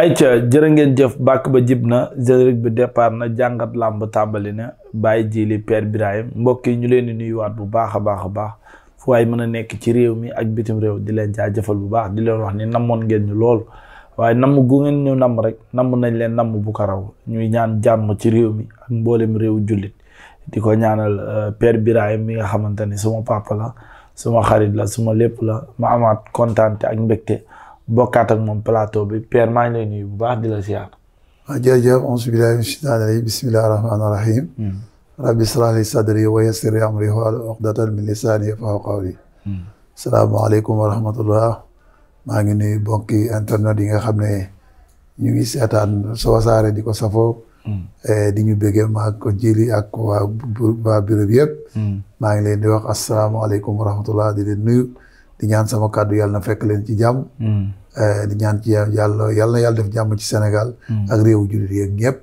ayca jërë ngeen jëf bàkk ba jib na générique bi départ na jàngat làmb tàmbali na bàyyi jili père Birahim mbokk yi ñu leen di nuyuwaat bu baax a baax a baax fu waay mën a nekk ci réew mi ak bitim réew di leen jaajëfal bu baax di leen wax ni namoon ngeen ñu lool waaye namm gu ngeen ñu namm rek namm nañ leen namm bu ko raw ñuy ñaan jàmm ci réew mi ak mboolem réew jullit di ko ñaanal euh, père Birahim mi nga xamante ni suma papa la suma xarit la suma lépp la ma amaat kontaan ak mbégte bokkaat moom plateau bi Père maa ngi lay nuyu bu baax di la ziar. waaw ah, jërëjëf auzu billaahi mina shaytaani hmm. rabbi israh li sadri wa yassir li amri hmm. wa rahmatullah. maa ngi nuyu bokki internet yi nga xam ne ñu ngi seetaan so wasaare di ko safoo. Hmm. E, di ñu bëggee maa ko jili ak waa waa bureau bi maa ngi leen di wax asalaamaaleykum wa rahmatullah di leen nuyu. di ñaan sama kàddu yàlla na fekk leen ci jàmm. Eh, di ñaan ci yàlla yàlla na yàlla def jàmm ci Sénégal. Hmm. ak réewu jullit yeeg ñëpp.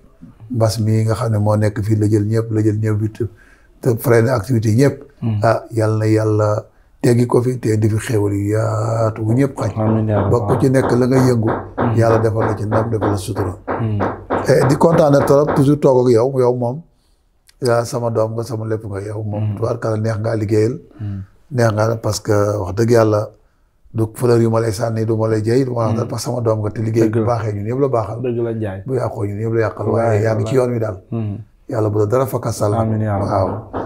mbas mi nga xam ne moo nekk fii la jël ñëpp la jël ñëpp te te freiné activité ñëpp. Hmm. ah yàlla na yàlla teggi ko fi te di fi xéwal yu yaatu bu ñëpp xaj. ba ku ci nekk la nga yëngu. Hmm. yàlla defal la ci ndam defal la sutura. Eh, di kontaan trop toujours toog ak yow yow moom. sama doom nga sama lépp nga yow moom. tubaarkalla neex ngaa liggéeyal. neex ngaa parce wax dëgg yàlla. du fleur yu ma lay sànni du ma lay jëy du ma la hmm. parce que sama doom nga te liggéey bu baaxee ñun yëpp la baaxal dëgg la jaay bu yàqoo ñun yëpp la yàqal waaye yaa ngi ci hmm.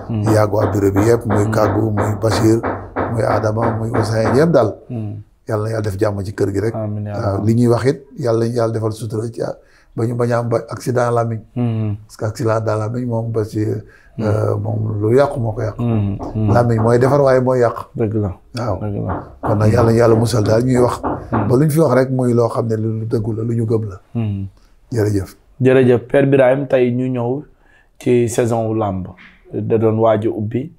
hmm. yëpp muy kàggu muy Bachir muy Adama muy Ousseyn yëpp daal yàlla na yàlla def jàmm ci kër gi rek waaw li ñuy wax it yàlla yàlla defal sutura ci ba ñu bañ a am ba accident làmmiñ mm-hmm. parce que accident daal làmmiñ moom parce euh, que mm-hmm. moom lu yàqu moo ko yàq làmmiñ mm-hmm. mooy defar waaye mooy yàq dëgg la waaw kon nag yàlla yàlla musal daal ñuy wax ba lu ñu fi wax rek muy loo xam ne lu dëggu la lu ñu gëm la jërëjëf jërëjëf Père Birahim tey ñu ñëw ci saison wu làmb da doon waaj ubbi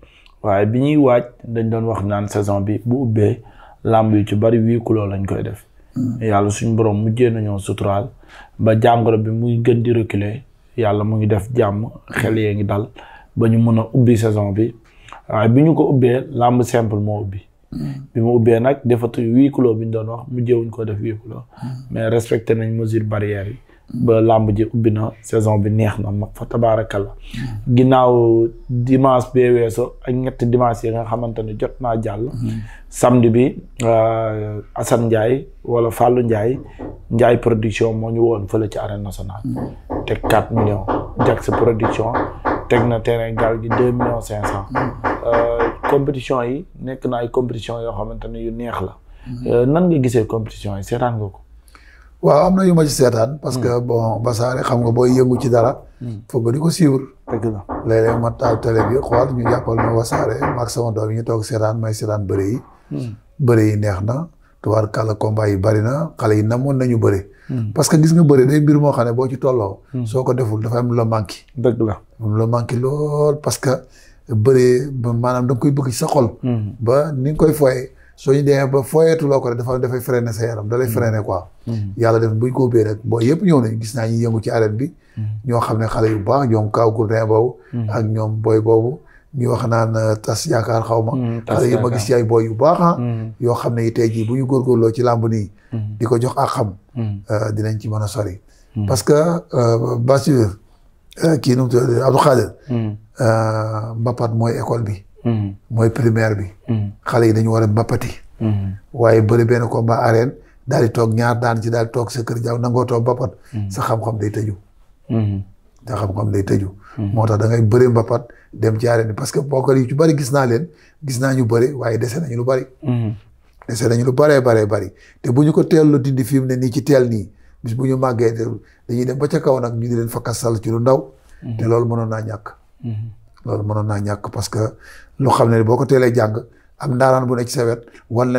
waaye bi ñuy waaj dañ doon wax naan saison bi bu ubbee làmb yu ci bari wii kuloo lañ koy def Mm. yàlla suñu borom mujjee nañoo suturaal ba jàngoro bi muy gën di reculer yàlla mu ngi def jàmm xel yee ngi dal ba ñu mën a ubbi saison bi waaye bi ñu ko ubbee làmb simple moo ubbi. Mm. bi mu ubbee nag defatu huis clos bi ñu doon wax mujjee wuñ ko def huis clos. Mm. mais respecté nañ mesure barrière yi. ba làmb ji ubbi na saison bi neex na mag fa tabaarakalla ginnaaw dimanche bee weeso ak ñett dimanche yi nga xamante ne jot naa jàll samedi bi euh, Assane Ndiaye wala Fallou njaay Ndiaye production moo ñu woon fële ci arène nationale teg quatre million jag sa production teg na terrain gaal gi deux millions cinq cent euh, compétition yi nekk na ay compétition yoo xamante ne yu neex la euh, nan nga gisee compétition yi seetaan nga ko waaw am na yu ma ci seetaan. parce que hmm. bon Wassare xam nga booy yëngu ci dara. Hmm. foog nga di ko suivre. dëgg la ma taal télé bi xool ñu jàppal ma Wassare maag sama doom yi ñu toog seetaan may seetaan bëre yi. Hmm. na. tuwaar yi na xale yi namoon nañu parce que gis nga bëre day mbir moo xam ne boo ci tolloo. soo ko deful dafa am lu manqué. lool parce que bëre maanaam da nga koy bëgg ci sa xol. ba ni nga koy foyee. soo ñu demee ba foyeetuloo ko rek dafa dafay freiné sa yaram dalay lay mm-hmm. ko quoi mm-hmm. yàlla def buñ ko ubbee rek booy yëpp ñëw nañ gis naa ñu yëngu ci arène bi mm-hmm. ñoo xam ne xale yu baax ñoom kaw gourdin boobu ak ñoom booy boobu ñu wax naan euh, tas yaakaar xaw ma xale yi ma gis ci ay boy yu baax ah yoo xam ne tey jii bu ñu góorgóorloo ci làmb nii di ko jox ak xam euh, dinañ ci man a sori parce que euh, Bassir kii nu mu tudd Abdou Mbapat mooy école bi Mm-hmm. mooy primaire bi. Mm-hmm. xale yi dañu war a bappati. Mm-hmm. waaye bëri benn ba arène daal di toog ñaar daan ci daal di toog sa kër jaaw nangoo toog bappat. sa xam-xam day tëju. sa xam-xam day tëju. moo tax da ngay bëri bappat dem ci arène bi parce que bokkal yu ci bëri gis naa leen gis naa ñu bëri waaye dese nañu lu bëri. dese nañu lu bëree bëree bëri te bu ñu ko teel lu dindi fi mu ne nii ci teel nii bis bu ñu màggee dañuy dem ba ca kaw nag ñu di leen fa kasal ci lu ndaw. loolu mënoon naa ñàkk. lu xam ne boo ko teelee jàng am ndaanaan bu ne ci sa wet wan la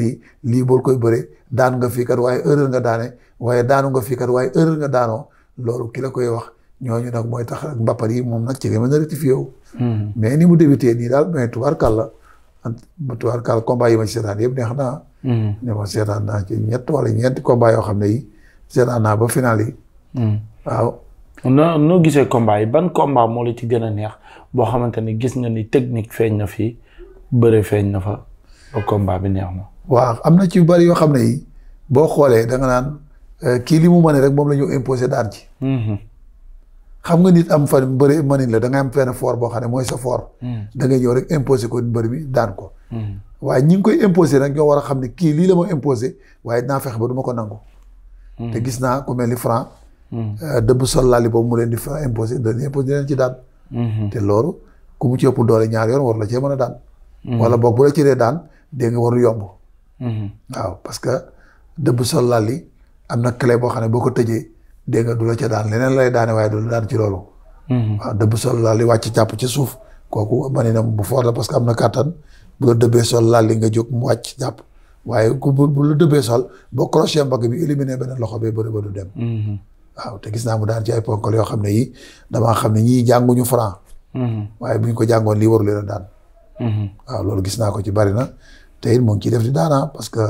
lii lii boo koy bëree daan nga fii kat waaye nga daane waaye daanu nga fii kat waaye erreur nga daanoo loolu ki la koy wax ñooñu nag mooy tax ak mbappat yi moom nag ci nga mën a rectifié hmm. mais ni mu débuté nii daal mais tubaarkàlla tubaarkàlla combat yi ma ci seetaan yëpp neex naa hmm. ne ma seetaan naa ñett wala ñeenti combat yoo xam ne yi seetaan naa ba final yi hmm. waaw noo noo gisee combat yi ban combat moo la ci gën a neex boo xamante ni gis nga ni technique feeñ na fii bëre feeñ na fa ba bi neex na. waaw am na ci yu bari yoo xam ne boo xoolee da naan euh, kii li mu mën rek moom la ñu imposé daan ci. Mm-hmm. xam nga nit am fan bëri mënin la da ngay am fenn fort boo xam ne mooy sa fort. Mm. da ngay ñëw rek imposé ko mbër bi daan ko. Mm-hmm. waaye ñi ngi koy imposé nag ñoo war a xam ne kii lii la ma imposé waaye dinaa fexe ba du ma ko nangu. Mm-hmm. te gis naa ko mel ni franc. Euh, dëbb sol laali boobu mu leen di fa imposé dañuy imposé leen ci daan. Mhm. te loolu ku mu ci ëpp doole ñaar yoon war la cee mën a daan. Mhm. wala boog bu la ci daan dégg nga warul yomb. Mhm. waaw parce que dëbb sol li am na clé boo xam ne boo ko tëjee dégg nga du la ca daan leneen lay daane waaye du la daan ci loolu. waaw dëbb càpp ci suuf kooku mani na bu fort parce que am na kàttan bu la dëbbee sol li nga jóg mu wàcc jàpp. waaye ku bu bu la dëbbee sol boo crochet mbagg bi éliminer beneen loxo bee bëri ba du dem. waaw te gis naa mu daan ci ay ponkal yoo xam ne yi damaa xam ne ñii jànguñu franc. Mm-hmm. waaye buñ ko jàngoon lii waru leen a daan. Mm-hmm. waaw loolu gis naa ko ci bari na te it mu ngi ciy def di daana parce que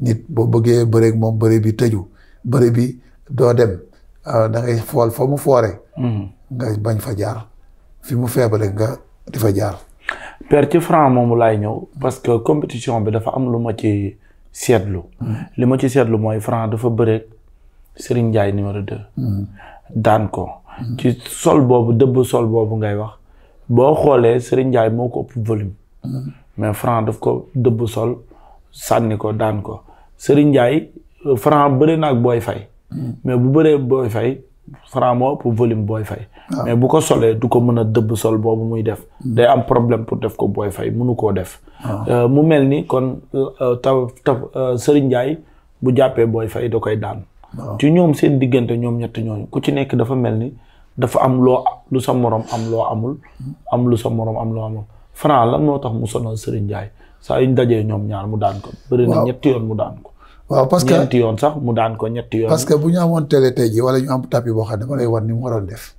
nit boo bëggee bëreeg moom bëre bi tëju bëre bi doo dem ah, da fool fa mu foore. Mm-hmm. nga bañ fa jaar fi mu feebale nga di fa jaar. père ci franc moomu laay ñëw parce que compétition bi dafa am lu ma ci seetlu. li ma ci seetlu mooy franc dafa bëreeg. Serigne Ndiaye numéro 2. Hmm. daan ko. Hmm. ci sol boobu dëbb sol boobu ngay wax boo xoolee Serigne Ndiaye moo ko ëpp volume. Hmm. mais Franc daf ko dëbb sol sànni ko daan ko Serigne Ndiaye Franc bëri na ak Boy Faye. mais bu bëree booy fay Franc moo ëpp volume Boy Faye. Ah. mais bu ko solee du ko mën a dëbb sol boobu muy def. day am problème pour def ko booy fay mënu koo def. Ah. Euh, mu mel ni kon euh, euh, taw taw Serigne Ndiaye bu jàppee booy fay da koy daan. ci ñoom seen diggante ñoom ñett ñooñu ku ci nekk dafa mel ni dafa am loo lu sa moroom am loo amul am lu sa morom am loo amul Franc lan moo tax mu sonal Serigne Ndiaye saa yuñ dajee ñoom ñaar mu daan ko bëri na ñetti yoon mu daan ko parce que ñetti yoon sax mu daan ko ñetti yoon parce que bu ñu amoon télé tey ji wala ñu am tapis boo xam ne dama war ni def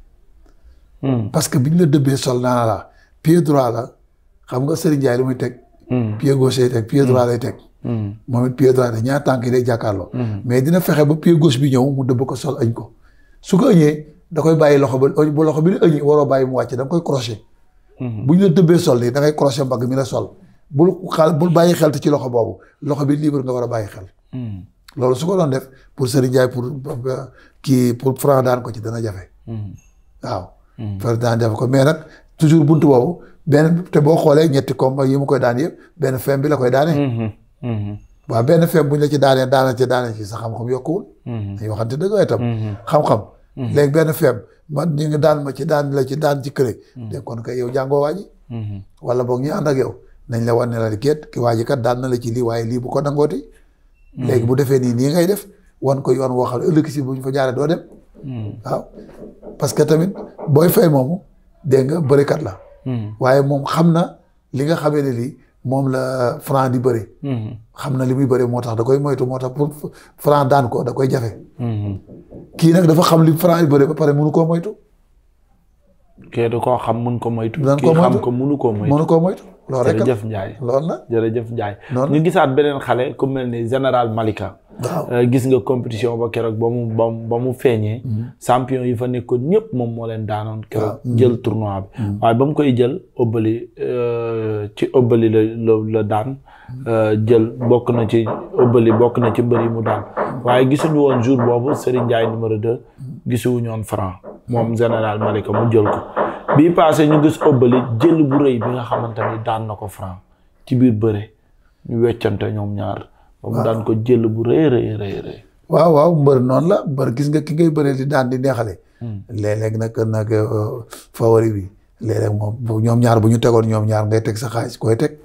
hmm. parce que bi ñu la dëbbee sol naa la pied droit la xam nga Serigne Ndiaye lu muy teg hmm. pied gauche lay teg pied droit hmm. lay teg Mm. moom it pied droit ñaar tànk yi day jàkkaarloo. Mm. mais dina fexe ba pied gauche bi ñëw mu dëbb ko sol añ ko su ko ëñee da koy bàyyi loxo ba ba loxo bi di ëñi waroo bàyyi mu wàcc da koy crochet. Mm-hmm. bu ñu la dëbbee sol nii da ngay crochet mbagg mi la sol. bul xaal bul bàyyi xel ci loxo boobu loxo bi libre nga war a bàyyi xel. Mm. loolu su ko doon def pour Serigne Ndiaye pour kii pour Franc daan ko ci dana jafe. waaw. Franc daan jafe ko mais nag toujours bunt boobu benn te boo xoolee ñetti combat yi mu koy daan yëpp benn fin bi la koy daanee. Mm-hmm. Mm-hmm. waaw benn feem bu ñu la ci daanee daana ci daanee ci sa xam-xam yokkuwul. Mm-hmm. dañuy waxante dëgg waaye tam. Mm-hmm. xam-xam. léegi benn feem man ñu ngi daan ma ci daan la ci daan ci kële. dégg kon kay yow jàngoo waa ji. wala boog ñu ànd ak yow nañ la wan ne la géet ki waa ji kat daan na la ci lii waaye lii bu ko dangooti. léegi bu defee nii nii ngay def wan ko yoon woo xam ëllëg si bu ñu fa jaaree doo dem. waaw parce que tamit booy fay moomu dégg nga bërikat la. waaye moom xam na li nga xamee ne lii moom la franc di bëri. Mhm. xam na li muy bëri moo tax da koy moytu moo tax pour franc daan ko da koy jafe. Mhm. kii nag dafa xam li franc yi bëri ba pare mënu koo moytu. kii da koo xam mun ko moytu. daan ko moytu kii xam ko mënu koo moytu. mënu koo moytu. loolu rek jëf Ndiaye loolu la jërëjëf Ndiaye. ñu gisaat beneen xale ku mel ni général Malika. Euh, gis nga compétition ba keroog ba mu ba mu feeñee. Mm-hmm. champion yi fa nekkoon ñëpp moom moo leen daanoon. keroog jël tournoi bi. Mm-hmm. waaye ba mu koy jël ëbbali euh, ci ëbbali la la daan. Euh, jël bokk na ci ëbbali bokk na ci mbër yi mu daan. Mm-hmm. waaye gisuñu woon jour boobu Serigne Ndiaye numéro 2. gisuwuñu woon franc. moom général Malika mu jël ko bii passé ñu gis Obali jël bu rëy bi nga xamante ni daan na ko Franc ci biir bëre ñu weccante ñoom ñaar ba mu daan ko jël bu rëy rëy rëy rëy waaw waaw mbër noonu la mbër gis nga ki ngay bëree di daan di neexale hmm. léeg-léeg nag nag euh, favori bi léeg-léeg moom ñoom ñaar bu ñu tegoon ñoom ñaar ngay teg sa xaalis koy teg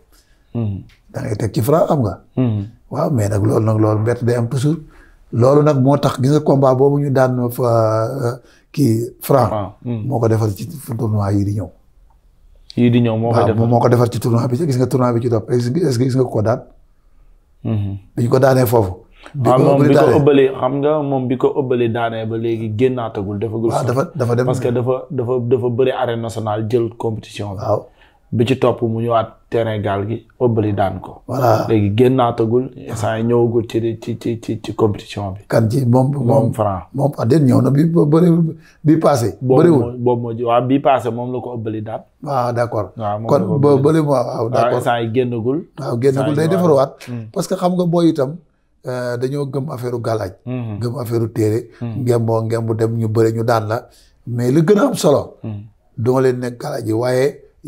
hmm. da teg ci Franc am nga hmm. waaw mais nag loolu nag loolu mbett day am toujours loolu nag moo tax gis nga combat kii Franc. Hmm. moo ko defar ci tournoi yi di ñëw. yii di ñëw moo koy defar moo ko defar ci tournoi bi gis nga tournoi bi ci topp est-ce que gis nga ko daan. Hmm. biñ ko daanee foofu. bi ko moom bi ko ëbbalee xam nga moom bi ko ëbbalee daanee ba léegi génnaatagul dafa. dafa dafa dem parce que dafa dafa dafa bëri arène nationale jël compétition bi. waaw bi ci topp mu ñëwaat terrain gaal gi ëbbali daan ko. voilà léegi génnaatagul. saa ñëwagul ci ci ci compétition bi. kan ci moom moom Franc. moom déet ñëw na bi bëri bi paase. boobu moom la ko ëbbali daan. ah d' waaw moom kon ba bëri waaw d' accord saa yi génnagul. waaw génnagul day defarwaat. Hmm. parce que xam nga booy itam. Euh, dañoo gëm affaire galaaj. Hmm. gëm affaire téere. Hmm. ngemboo ngembu dem ñu bëri ñu daan la. mais li gën a am solo. doo leen nekk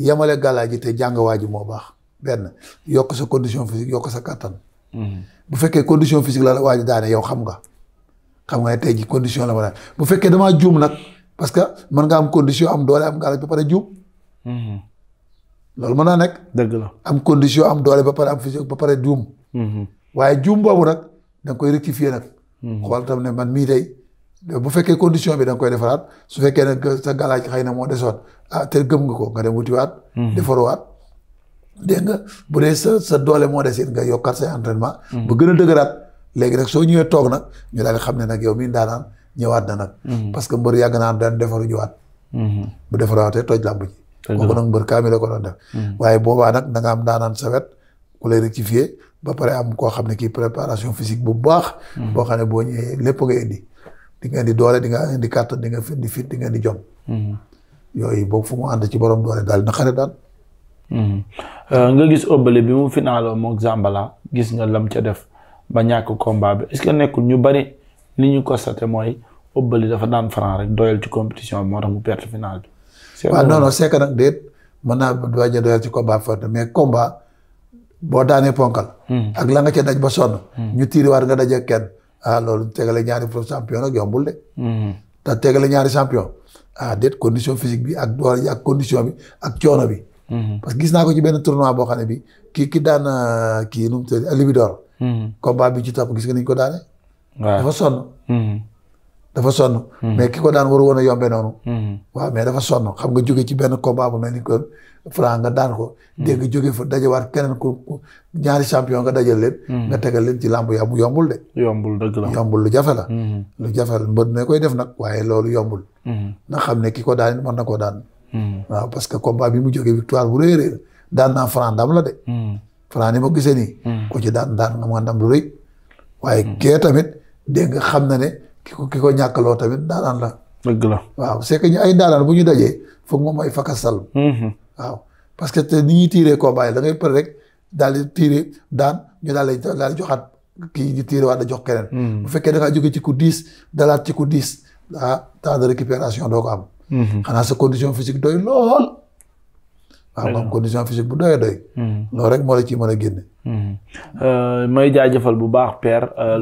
yemale gàllaa ji te jàng waa moo baax benn yokk sa condition physique yokk sa kàttan mm-hmm. bu fekkee condition physique la waa ji daane yow xam nga xam nga ne tey ji condition la ma daan bu fekkee damaa juum nag parce que mën nga am condition am doole am gàllaaj ba pare juum mm-hmm. loolu mën naa nekk dëgg la am condition am doole ba pare am physique ba pare juum mm-hmm. waaye juum boobu nag da nga koy rectifier nag xool tam ne man mii day bu fekkee condition bi da koy defaraat su fekkee nag sa galaaj xëy na moo desoon ah te gëm nga ko nga dem wutiwaat. Mhm. defaruwaat. dégg nga bu dee sa sa doole moo des it nga yokkaat say entraînement. Mhm. bu gën a dëgëraat léegi nag soo ñëwee toog nag ñu daal xam ne nag yow mii daanaan ñëwaat na nag. Mhm. parce que mbër yàgg naa daan defaru ñëwaat. bu defaruwaatee toj làmb ji. kooku nag mbër kaami la ko doon def. waaye boobaa nag da am daanaan sa wet ku lay rectifier ba pare am koo xam ne kii préparation physique bu baax. boo xam ne boo ñëwee lépp nga indi. di nga indi doole di nga indi kàttan di nga indi fit di nga indi jom. Mhm. yooyu boobu fu mu ànd ci borom doole daal na xare daal. Mhm. Euh, nga gis Obeuly bi mu finaaloo moog gis nga lam ca def ba ñàkk combat bi est-ce que nekkul ñu bari li ñu constaté mooy Obeuly dafa daan Franc rek doyal ci compétition bi moo tax mu perte finale bi. c'est waaw non non c'est que nag déet mën naa doy doyal ci combat fort mais combat boo daanee ponkal. Mhm. ak la nga ca daj ba sonn. ñu tiiriwaat nga daj ak ah loolu tegale ñaari pro champion nag yombul de. Hmm. te tegale ñaari champion. ah déet condition physique bi ak doole ji ak condition bi ak coono bi. Hmm. parce que gis naa ko ci benn tournoi boo xam ne bi kii ki daan ah, kii nu mu tëdd Libidor. Hmm. combat bi ci topp gis nga ni ko daane. dafa sonn. dafa sonn. Hmm. mais ki ko daan waru woon a yombe noonu. Hmm. waaw mais dafa sonn xam nga jóge ci benn combat bu mel ni que Franc nga daan ko. Hmm. dégg jóge fa dajewaat keneen ku ñaari champion nga dajal leen. nga tegal leen ci làmb yàmb yombul de. yombul dëgg la yombul lu jafe la. lu jafe la mbër ne koy def nag waaye loolu yombul. na xam ne ki ko daan mën na koo daan. waaw parce que combat bi mu jóge victoire bu rëy rëy daan naa Franc ndam la de. Franc ni ma gisee nii. ku ci daan daan nga ma ndam lu rëy. waaye kee tamit dégg nga xam na ne. ki ko ki ko ñàkkaloo tamit daanaan la. dëgg la waaw c'est que ñu ay daanaan bu ñu dajee foog moom ay fakasal. Mm-hmm. waaw parce que te ni ñuy tiiree combat yi da ngay pare rek daal di tiire daan ñu daal di daal joxaat kii di tiire waat da jox keneen. Mm-hmm. bu fekkee da ngaa jóge ci coup dix dalaat ci coup dix ah temps de récupération doo ko am. Mm-hmm. xanaa sa condition physique doy lool. waaw moom condition physique bu doy doy loolu rek moo la ci mën a génne euh, may jaajëfal bu baax père euh,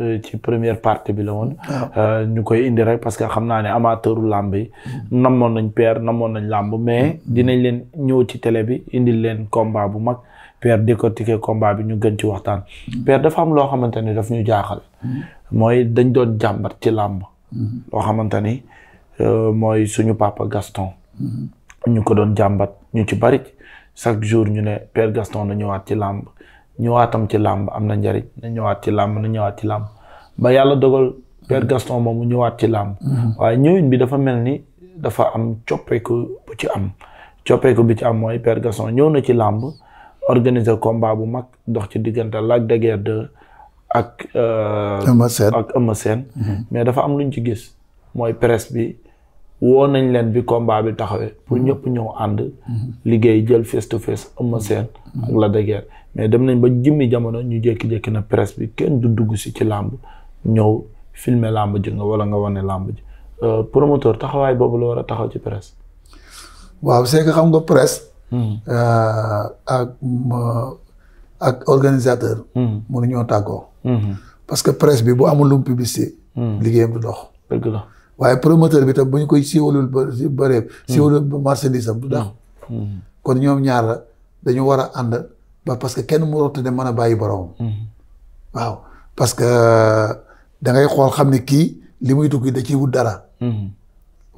Euh, ci première partie bi la woon. Ah. Euh, ñu koy indi rek parce que xam naa ni amateuru làmb yi. namoon nañ per namoon nañ làmb mais dinañ leen ñëw ci télé bi indil leen combat bu mag père décortiquer combat bi ñu gën ci waxtaan. per dafa am loo xamante ni daf ñu jaaxal. mooy dañ doon jàmbat ci làmb. loo xamante ni euh, mooy suñu papa Gaston. Mm-hmm. ñu ko doon jàmbat ñu ci bari chaque jour ñu ne père Gaston na ñëwaat ci làmb. ñëwaatam ci làmb am na njariñ na ñëwaat ci làmb na ñëwaat ci làmb ba yàlla dogal Père Gaston moomu ñëwaat ci làmb mm-hmm. waaye ñëwin bi dafa mel ni dafa am coppeeku bu ci am coppeeku bi ci am mooy Père Gaston ñëw na ci làmb organiser combat bu mag dox ci diggante Lac de Guiers ak euh, Eumeu Sène ak Eumeu Sène mm-hmm. mais dafa am luñ ci gis mooy presse bi woo nañ leen bi combat bi taxawee pour mhm. ñëpp ñëw ànd mhm. liggéey jël face to face Eumeu seen ak Lac de mais dem nañ ba jimmi jamono ñu jékki-jékki na presse bi kenn du dugg si ci làmb ñëw filmer làmb ji nga wala nga wane làmb ji euh, promoteur taxawaay boobu la war a taxaw ci presse waaw c'est que xam nga presse hmm. euh, ak ak organisateur hmm. mënu ñoo tàggoo hmm. parce que presse bi bu amul lu publicité liggéeyam du dox dëgg la waaye promoteur bi tam bu ñu koy siiwalul ba bëree siiwalul marchandise am du daaw mm-hmm. kon ñoom ñaar la dañu war a ànd ba parce que kenn mu rotta ne mën a bàyyi boroom mm-hmm. waaw parce que da ngay xool xam ne kii li muy tukki da ciy wut dara mm-hmm.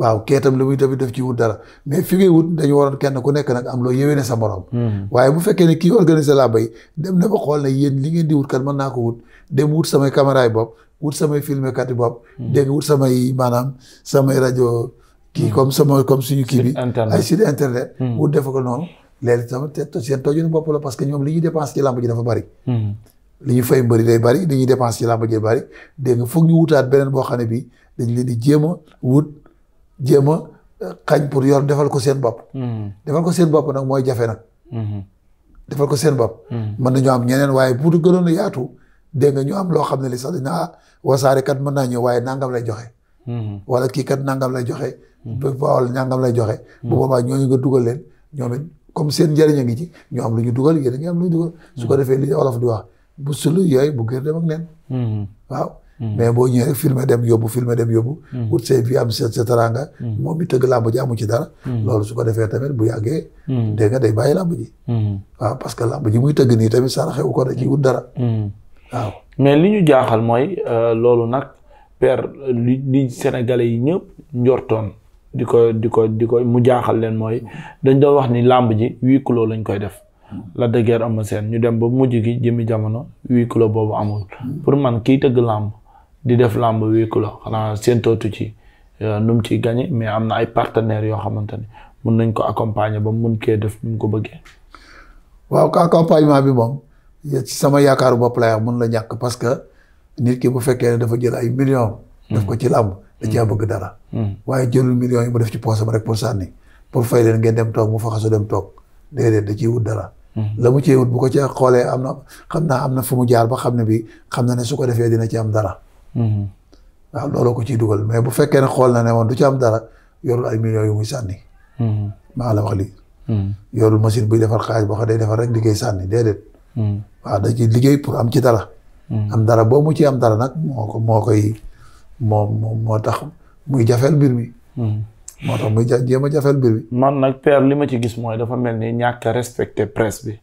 waaw kee tam li muy def ci wut dara mais fi ngay wut dañu war a kenn ku nekk nag am loo yéwéne sa morom. waaye bu fekkee ne kii organiser laa bay dem na ba xool ne yéen li ngeen di wut kat mën naa ko wut dem wut samay caméra wut samay filmé kat yi bopp. Hmm. dégg wut samay maanaam samay rajo. kii hmm. comme suñu kii bi ay site internet. Hmm. wut defe ko noonu. léegi sama seen tojuñu bopp la parce que ñoom li ñuy dépense ci làmb ji bari. li ñu fay mbëri day bari li ñuy dépense ci làmb ji bari dégg nga ñu wutaat beneen boo xam ne bii dañ leen di jéem a wut jéem a euh, xañ pour yor defal ko seen bopp. defal ko seen bopp nag mooy jafe nag. defal ko seen bopp. mën nañoo am ñeneen waaye bu gënoon a dégg nga ñu am loo xam ne li sax dina ah wasaare kat mën naa ñëw waaye nangam lay joxe. Mm-hmm. wala kii kat nangam lay joxe. Mm-hmm. wala nangam lay joxe. Mm-hmm. bu boobaa ñooñu nga dugal leen ñoom it comme seen njëriñ a ngi ci ñu am lu ñu dugal yéen a ngi am lu ñu dugal. su ko defee li wolof di wax bu sulu yooyu bu gër dem ak leen. boo ñëwee rek filmé dem yóbbu filmé dem yóbbu. wut say bi am sa sa taranga. moom mi tëgg làmb ji amu ci dara. loolu su ko defee tamit bu yàggee. dégg nga day bàyyi làmb ji. waaw parce que làmb ji muy tëgg nii tamit saraxewu ko da ci wut dara. waaw mais li ñu jaaxal mooy euh, loolu nag père li li Sénégalais yi ñëpp njortoon di ko di ko di ko mu jaaxal leen mooy dañ doo wax ni làmb ji huis clos lañ koy def. la de guerre seen ñu dem ba mu mujj gi jëmi jamono wii clos boobu amul. pour man kiy tëgg làmb di def làmb wii clos xanaa seen tootu ci euh, nu mu ciy gagné mais am na ay partenaires yoo xamante ni mun nañ ko accompagner ba mun kee def nu ko bëggee. waaw accompagnement bi moom. ci sama yaakaaru bopp laa mun la ñàkk parce que nit ki bu fekkee ne dafa jël ay millions. daf ko ci làmb da cee bëgg dara. Hmm. waaye jëlul million yi mu def ci poosam rek pour sànni pour fay leen ngeen dem toog mu faxasu dem toog déedéet da ciy wut dara. Hmm. la mu ciy wut bu ko ci xoolee am na xam naa am na fu jaar ba xam ne bi xam na ne su ko defee dina ci am dara. Hmm. waaw looloo ko ciy dugal mais bu fekkee ne xool na ne woon du ci am dara yorul ay million yu muy sànni. maa la wax lii. yorul machine buy defar xaalis boo xam dee defar rek liggéey sànni déedéet. Hmm. waaw da ci liggéey pour am ci dara hmm. am dara boo mu ci am dara nag moo ko moo koy moo moo tax muy jafeel mbir mi hmm. moo tax muy jéem a jafeel mbir mi man nag père li ma ci gis mooy dafa mel ni ñàkk respecte respecté presse bi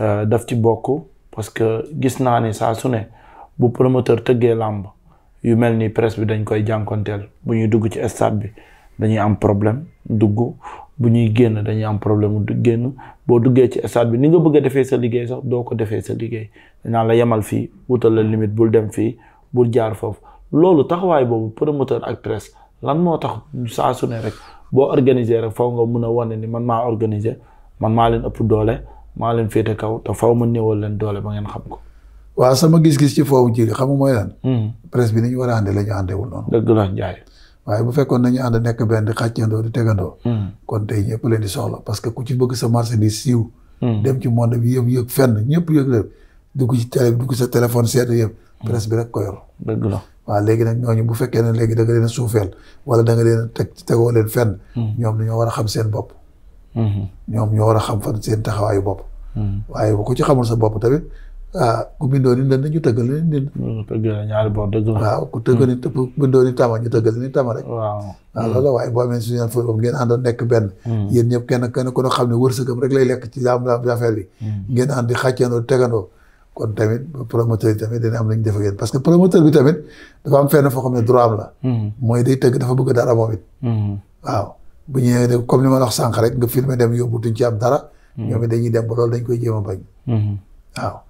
euh, daf ci bokk parce que gis naa ni saa su ne bu promoteur tëggee làmb yu mel ni presse bi dañ koy jànkonteel bu ñuy dugg ci stade bi dañuy am problème dugg bu ñuy génn dañuy am problème du génn boo duggee ci stade bi ni nga bëgg a defee sa liggéey sax doo ko defee sa liggéey dañaan la yemal fii wutal la limite bul dem fii bul jaar foofu loolu taxawaay boobu promoteur ak presse lan moo tax saa su ne rek boo organiser rek faw nga mun a wane ni man maa organiser man maa leen ëpp doole maa leen féete kaw te faw ma néewal leen doole ba ngeen xam ko waa sama gis-gis ci foofu jiri xam nga mooy lan hmm. bi ni ñu war a àndee noonu dëgg la Ndiaye waaye bu fekkoon nañu ànd nekk benn di xàccandoo di tegandoo. Hmm. kon tey ñëpp leen di soxla parce que ku ci bëgg sa marchandise siiw. Hmm. dem ci monde bi yëpp yëg fenn ñëpp yëg leen dugg ci télé sa téléphone seet yëpp. Hmm. presse bi rek ko yor. dëgg waaw léegi nag ñooñu bu fekkee ne léegi danga nga leen suufeel wala da nga leen a teg tegoo leen fenn. ñoom ñoo war a xam seen bopp. ñoom ñoo war a xam fan seen taxawaayu bopp. waaye bu ko ci xamul sa bopp tamit waaw ah, ku bindoo ni ndënd ñu tëggal ni ndënd. tëggal ñaari boor dëgg la. waaw ku tëggal ni ku bindoo ni tama ñu tëggal ni tama rek. waaw ah, loolu waaye boo amee suñu foofu ngeen àndoon nekk benn. Hmm. yéen ñëpp kenn kenn ku xam ne wërsëgam am affaire bi. Hmm. ngeen ànd di xàccandoo tegandoo. kon tamit promoteur bi tamit dina am lu ñu def ak yéen parce que promoteur bi tamit dafa am fenn foo xam ne droit am la. Hmm. mooy day tëgg dafa bëgg dara moom waaw bu ñëwee comme ni ma la wax sànq rek nga filmé dem yóbbu duñ ci am dara. ñoom dañuy dem ba loolu dañ koy jéem bañ. waaw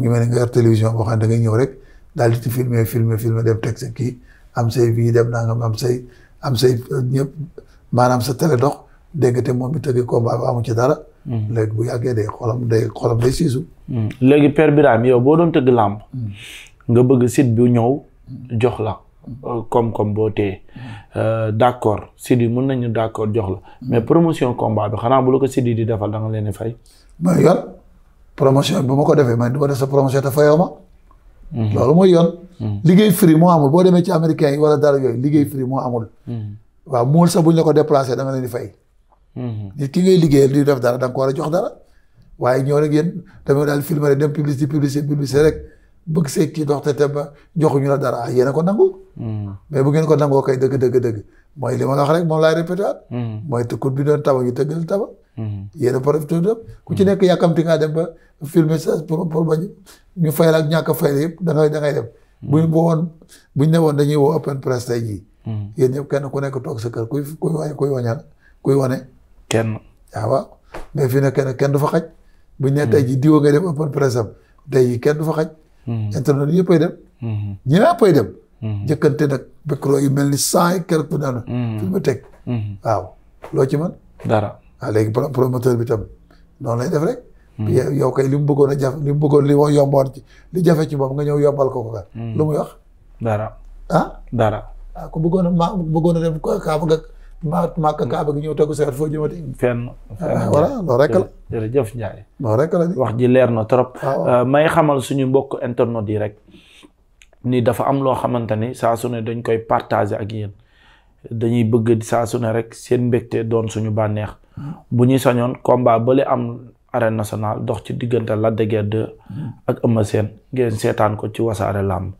mu mel ni nga yor télévision boo xam da ngay ñëw rek daal di ci filmer filmer filmer dem teg sa kii am say vie dem naa nga am say am say euh, ñëpp maanaam sa télé dox dégg te bi tëgg combat amu ci dara. Hmm. léegi bu yàggee day hmm. léegi Père yow boo doon tëgg làmb. Hmm. nga bëgg site bi ñëw jox la. Euh, koom-koom boo téye euh, d'accord site yi mën nañu d'accord jox la mais promotion combat bi xanaa bu la ko site yi di defal danga leen di fay. ma promotion bu ma ko defee man du ma def sa promotion te fayoo ma. Mhm. loolu mooy yoon. Mhm. liggéey free moo amul boo demee ci américain yi wala dara yooyu liggéey free moo amul. Mhm. waaw mool sax bu ñu la ko déplacé da nga leen di fay. nit ki ngay liggéeyal di def dara da nga ko war a jox dara. waaye ñoo nag yéen tamit daal filmer rek dem publicité publicité publicité rek bëgg see kii dox te te ba joxuñu la dara ah yéen ko nangu. mais bu ngeen ko nangoo kay dëgg dëgg dëgg. mooy li ma la wax rek moom laay répété waat. Hmm. mooy te bi doon tabax ñu tëggal tabax. Hmm. yéen a profité lépp ku ci nekk yàkkamti ngaa dem ba filmer sa pour pour bañ ñu fayal ak ñàkk a fayal yëpp dangay ngay da ngay dem. Hmm. buñ bu woon buñ ne woon dañuy woo open press tey jii. yéen ñëpp kenn ku nekk toog sa kër kuy kuy wañ kuy wañal kuy wane. kenn ah, waaw mais fi ne kenn kenn du fa xaj. buñ ne tey jii diwa ngay dem open press am tey kenn du fa xaj. internet yëppay dem. ñëppay dem. Mhm. jëkkante nag micro yu mel ni cent et quelque naan mhm. fi mu teg mhm. waaw loo ci man dara waaw ah, léegi promoteur bi tam noonu lay def rek yow kay li mu bëggoon a jafe li mu bëggoon li wa yomboon ci li jafe ci moom nga ñëw yombal ko ko ka lu muy wax dara ah dara ah ku bëggoon a ma bëggoon a dem kaaba nga ma maaka kaaba gi ñëw tegu sawet foo jëmati ah, fenn voilà loolu rek la jërëjëf Ndiaye loolu rek la wax ji leer na trop ah, euh, may xamal suñu mbokk internet yi rek nii dafa am loo xamante ni saa su dañ koy partager ak yéen dañuy bëgg saa su ne rek seen mbégte doon suñu bànneex bu ñuy sañoon combat bale am arène nationale dox ci diggante la de ak Eumeu Sène ngeen seetaan ko ci wasaare làmb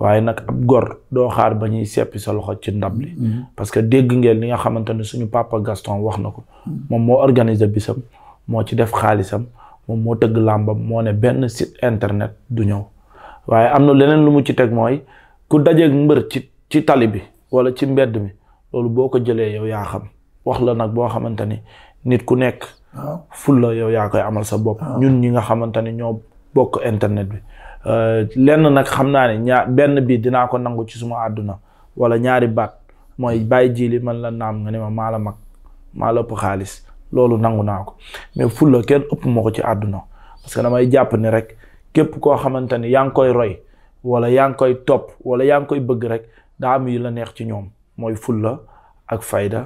waaye nag ab gor doo xaar ba ñuy seppi sa loxo ci ndab li parce que dégg ngeen li nga xamante ne suñu papa Gaston wax na ko moom moo organiser bisam moo ci def xaalisam moom moo tëgg làmbam moo ne benn site internet du ñëw waaye am na leneen lu mu ci teg mooy ku dajeeg mbër ci ci tali bi wala ci mbedd mi loolu boo ko jëlee yow yaa xam wax la nag boo xamante ni nit ku nekk ful la yow yaa koy amal sa bopp ñun ñi nga xamante ni ñoo bokk internet bi euh, lenn nag xam naa ne ñaar benn bii dinaa ko nangu ci suma àdduna wala ñaari baat mooy bàyyi jili man la naam nga ne ma maa la mag maa la ëpp xaalis loolu nangu naa ko mais fulla kenn ëpp ma ko ci àdduna parce que damay jàpp ni rek képp koo xamante ni yaa ngi koy roy wala yaa ngi koy topp wala yaa ngi koy bëgg rek daa am yu la neex ci ñoom mooy fulla ak fayda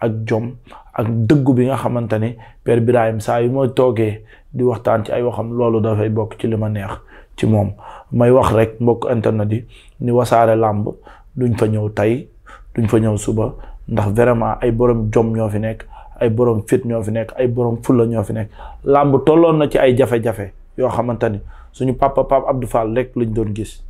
ak jom ak dëggu bi nga xamante ni Père Birahim saa yu mooy toogee di waxtaan ci ay waxam loolu dafay bokk ci li ma neex ci moom may wax rek mbokk internet yi ni wasaare làmb duñ fa ñëw tey duñ fa ñëw suba ndax vraiment ay borom jom ñoo fi nekk ay borom fit ñoo fi nekk ay borom fulla ñoo fi nekk làmb tolloon na ci ay jafe-jafe yoo xamante ni suñu papa papa Abdou Fall rek lañ doon gis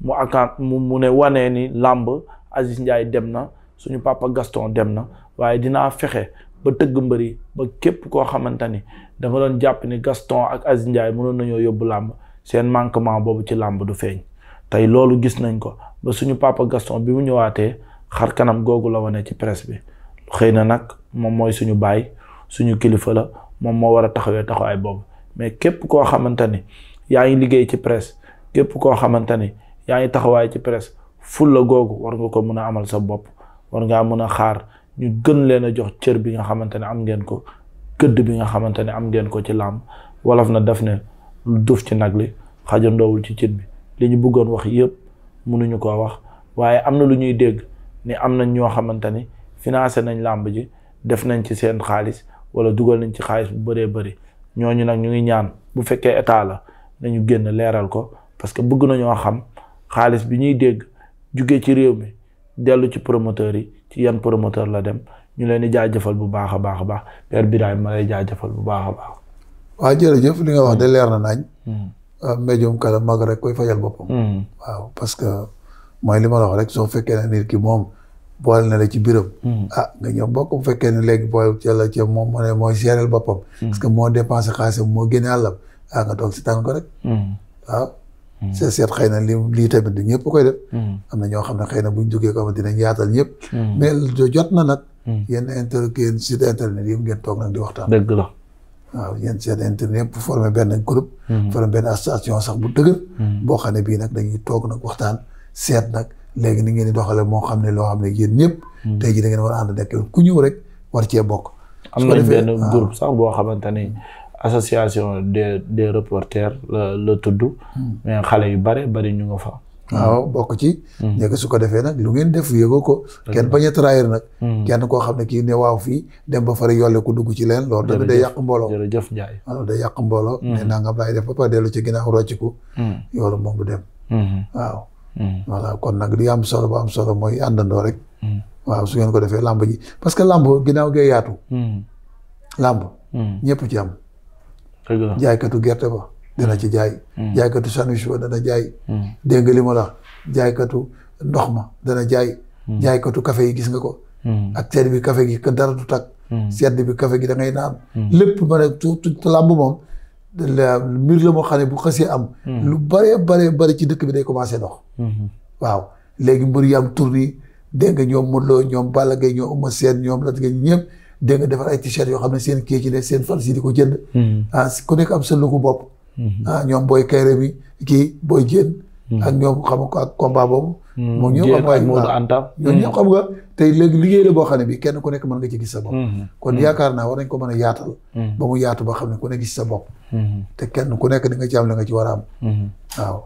mu akan mu mu ne wanee ni làmb Aziz Ndiaye dem na suñu papa Gaston dem na waaye dinaa fexe ba tëgg mbëri ba képp koo xamante ni dama doon jàpp ni Gaston ak Aziz Ndiaye mënoon nañoo yóbbu làmb seen manquement boobu ci làmb du feeñ tey loolu gis nañ ko ba suñu papa Gaston bi mu ñëwaatee xar kanam googu la wane ci press bi xëy na nag moom mooy suñu baay suñu kilifa la moom moo war a taxawee taxawaay boobu mais xamante ni yaa ngi liggéey ci presse képp koo xamante ni yaa ngi taxawaay ci presse fulla googu war nga ko mën a amal sa bopp war ngaa mën a xaar ñu gën leen a jox cër bi nga xamante ne am ngeen ko gëdd bi nga xamante ne am ngeen ko ci làmb wolof na def na lu duuf ci nag li xajandoowul ci cin bi li ñu buggoon wax yëpp mënuñu ko wax waaye am na lu ñuy dégg ni am nañ ñoo xamante ni financé nañ làmb ji def nañ ci seen xaalis wala dugal nañ ci xaalis bu bëree bëri ñooñu nag ñu ngi ñaan bu fekkee état la nañu génn leeral ko parce que bëgg nañoo xam xaalis bi ñuy dégg jugee ci réew mi dellu ci promoteurs yi ci yan promoteur la dem ñu leen di jaajëfal bu baax a baax a baax Père Birahim ma lay jëfal bu baax a baax. waaw jërëjëf li nga wax de leer na nañ. Hmm. Euh, médium kala mag rek koy fajal boppam. Hmm. waaw parce que mooy li ma la wax rek soo fekkee ne nit ki moom boole na la ci biram hmm. ah nga ñëw bokk bu fekkee ne léegi boole ci la ci moom moo ne mooy seereel boppam. parce moo dépensé xaalisam moo génne àllam. ah nga toog si tànn ko rek. waaw. Hmm. Ah. Hmm. seet seet xëy na li lii tamit du ñëpp koy def. Hmm. am na ñoo xam ne xëy na buñ duggee ko am dinañ yaatal ñëpp. mais jot na nag. yéen inter yéen site internet yi ngeen toog nag di waxtaan. dëgg la. waaw yéen seen internet yëpp benn groupe. formé benn association sax bu dëgër. boo xam ne bii nag dañuy toog nag waxtaan seet nag léegi ni ngeen di doxale moo xam ne loo xam ne yéen ñëpp. tey jii da ngeen war a ànd nekk ku ñëw rek war cee bokk. am nañ benn groupe sax boo xamante ne association des de reporters la la tudd. Hmm. mais xale yu bare bari ñu nga fa. waaw bokk ci. Hmm. nekk su ko defee nag lu ngeen def yëgoo ko. kenn ba a trahir nag. Hmm. kenn koo xam ne kii ne waaw fii dem ba fa yolle ku dugg ci leen. loolu tamit day yàq mbooloo jërëjëf Ndiaye. loolu day yàq naa nga bàyyi def ba pare dellu ci ginnaaw rocciku. yoolu moom bu dem. waaw. voilà kon nag di am solo ba am solo mooy àndandoo rek. waaw su ngeen ko defee làmb ji parce que làmb ginnaaw gee yaatu. làmb ñëpp ci am. jaaykatu gerte ba dana ci jaay hmm. jaaykatu sandwich ba dana jaay hmm. dégg nga li ma la jaaykatu ndox ma dana jaay hmm. jaaykatu kafe yi gis nga ko ak sedd bi café gi dara du tag sedd bi café gi da ngay naan lépp ma ne surtout làmb moom mbir la moo xam ne bu xasee am lu bare bare bare ci dëkk bi day commencé ndox waaw léegi mbir yi am tournée dégg nga ñoom Modou Lo ñoom Balla Gaye ñoom Eumeu Sène ñoom Lac de Guiers dégg nga defar ay t-shirt yoo xam ne seen kii ci ne seen fans yi di ko jënd. Hmm. ah ku nekk am sa lugu bopp. Hmm. Ah, ñoom booy kayre bi kii booy jën. Hmm. ak ñoom xam nga ak combat moom ñoom xam nga Modou Anta. ñoom ñoom nga tey léegi liggéey la boo xam ne bi kenn ku nekk mën nga ci gis sa bopp. kon yaakaar naa war nañ ko mën a yaatal. ba mu yaatu ba xam ne ku ne gis sa bopp. te kenn ku nekk di nga ci am la nga ci war a am. waaw.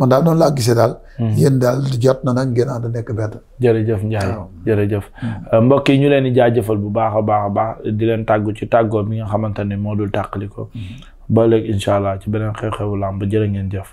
man daal noonu laa gisee daal. Mhm. yéen daal jot na nag ngeen ànd nekk benn. jërëjëf Ndiaye jërëjëf. Mhm. Euh, mbokk yi ñu leen di jaajëfal bu baax a baax a baax di leen tàggu ci tàggoo bi nga xamante ne moo dul tàqali ko. Mhm. ba léegi incha allah ci beneen xew-xewu làmb jërë ngeen jëf.